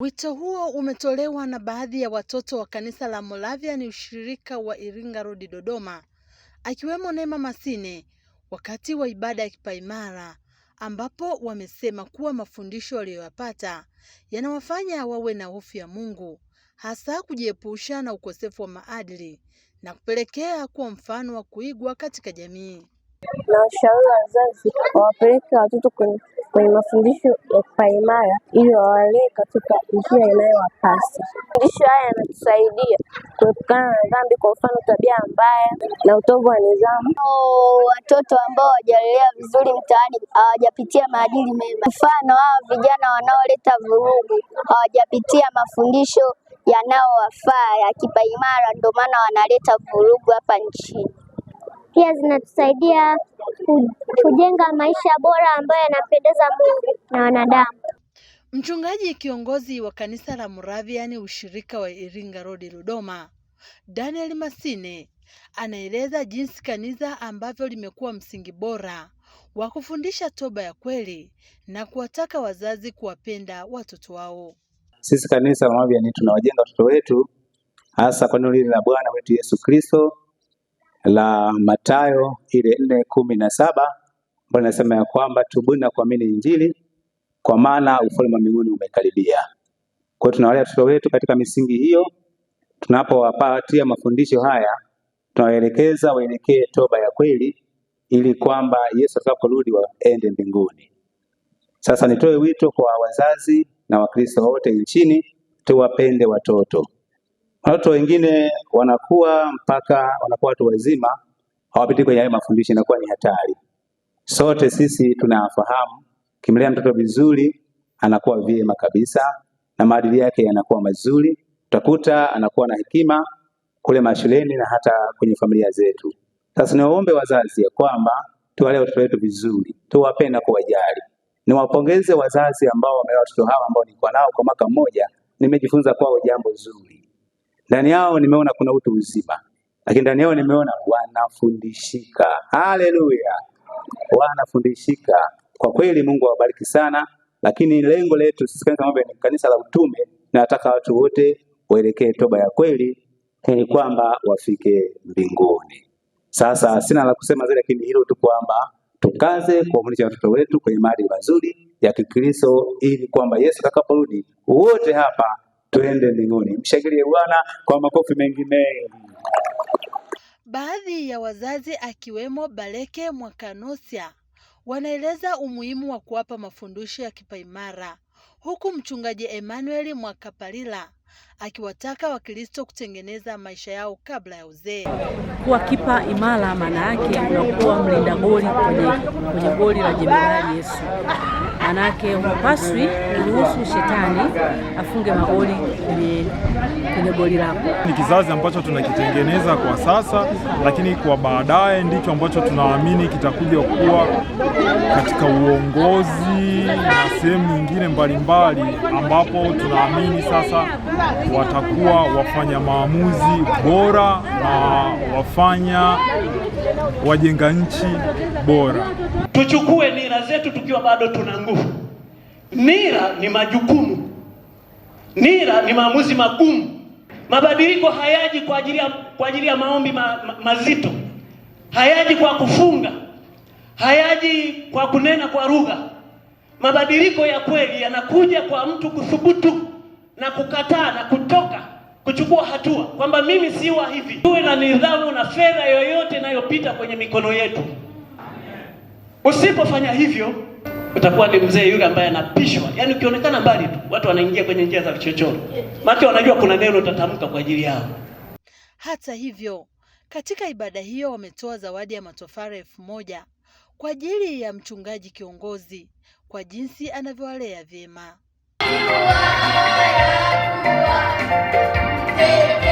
Wito huo umetolewa na baadhi ya watoto wa kanisa la Moravian ushirika wa Iringa Road Dodoma, akiwemo Neema Masine wakati wa ibada ya kipaimara ambapo wamesema kuwa mafundisho waliyoyapata yanawafanya wawe na hofu ya Mungu, hasa kujiepusha na ukosefu wa maadili na kupelekea kuwa mfano wa kuigwa katika jamii. washauri wazazi wawapeleke watoto kwenye kwenye mafundisho ya kipaimara ili wawalee katika njia inayowapasa. Mafundisho haya yanatusaidia kuepukana na dhambi, kwa mfano tabia mbaya na utovu wa nidhamu. Watoto ambao hawajalelewa vizuri mtaani hawajapitia maadili mema, mfano hao vijana wanaoleta vurugu hawajapitia mafundisho yanayowafaa ya kipaimara, ndio maana wanaleta vurugu hapa nchini. Pia zinatusaidia kujenga maisha bora ambayo yanapendeza Mungu na wanadamu. Mchungaji kiongozi wa kanisa la Moravian ushirika wa Iringa Road Dodoma, Daniel Masine anaeleza jinsi kanisa ambavyo limekuwa msingi bora wa kufundisha toba ya kweli na kuwataka wazazi kuwapenda watoto wao. Sisi kanisa la Moravian tunawajenga watoto wetu hasa kwa neno lile la Bwana wetu Yesu Kristo la Mathayo ile nne kumi na saba Bwana anasema ya kwamba tubuni na kuamini Injili kwa maana ufalme wa mbinguni umekaribia. Kwa hiyo tunawalea watoto wetu katika misingi hiyo, tunapowapatia mafundisho haya tunawaelekeza waelekee toba ya kweli, ili kwamba Yesu atakaporudi waende mbinguni. Sasa nitoe wito kwa wazazi na Wakristo wote nchini, tuwapende watoto. Watoto wengine wanakuwa mpaka wanakuwa watu wazima, hawapiti kwenye hayo mafundisho, inakuwa ni hatari. Sote sisi tunafahamu kimlea mtoto vizuri anakuwa vyema kabisa na maadili yake yanakuwa mazuri, utakuta anakuwa na hekima kule mashuleni na hata kwenye familia zetu. Sasa niwaombe wazazi ya kwamba tuwalee watoto wetu vizuri, tuwapende na kuwajali. Niwapongeze wazazi ambao wamelea watoto hawa ambao nilikuwa nao kwa mwaka mmoja, nimejifunza kwao jambo zuri. Ndani yao nimeona kuna utu uzima, lakini ndani yao nimeona wanafundishika. Haleluya! wanafundishika. Kwa kweli Mungu awabariki sana, lakini lengo letu sisi kanisa Mwambe ni kanisa la utume, na nataka watu wote waelekee toba ya kweli ili kwamba wafike mbinguni. Sasa sina la kusema zaidi, lakini hilo tu kwamba tukaze kuwafundisha watoto wetu kwenye maadili mazuri ya Kikristo ili kwamba Yesu atakaporudi wote hapa tuende mbinguni. Mshangilie Bwana kwa makofi mengi mengi. Baadhi ya wazazi akiwemo Baleke Mwakanosya wanaeleza umuhimu wa kuwapa mafundisho ya kipaimara huku mchungaji Emmanuel Mwakapalila akiwataka Wakristo kutengeneza maisha yao kabla ya uzee. Kuwa kipa imara maana yake unakuwa mlinda goli kwenye, kwenye goli la jemadari Yesu. yake hupaswi kuruhusu shetani afunge magoli kwenye, kwenye goli lako. Ni kizazi ambacho tunakitengeneza kwa sasa, lakini kwa baadaye ndicho ambacho tunaamini kitakuja kuwa katika uongozi na sehemu nyingine mbalimbali, ambapo tunaamini sasa watakuwa wafanya maamuzi bora na wafanya wajenga nchi bora. Tuchukue nira zetu tukiwa bado tuna nguvu. Nira ni majukumu, nira ni maamuzi magumu. Mabadiliko hayaji kwa ajili ya kwa ajili ya maombi ma, ma, mazito, hayaji kwa kufunga, hayaji kwa kunena kwa lugha. Mabadiliko ya kweli yanakuja kwa mtu kuthubutu na kukataa na kutoka kuchukua hatua kwamba mimi siwa hivi. Tuwe na nidhamu na fedha yoyote inayopita kwenye mikono yetu. Usipofanya hivyo, utakuwa ni mzee yule ambaye anapishwa, yaani ukionekana mbali tu watu wanaingia kwenye njia za vichochoro, maana wanajua kuna neno utatamka kwa ajili yao. Hata hivyo, katika ibada hiyo wametoa zawadi ya matofali elfu moja kwa ajili ya mchungaji kiongozi kwa jinsi anavyowalea vyema. Hey.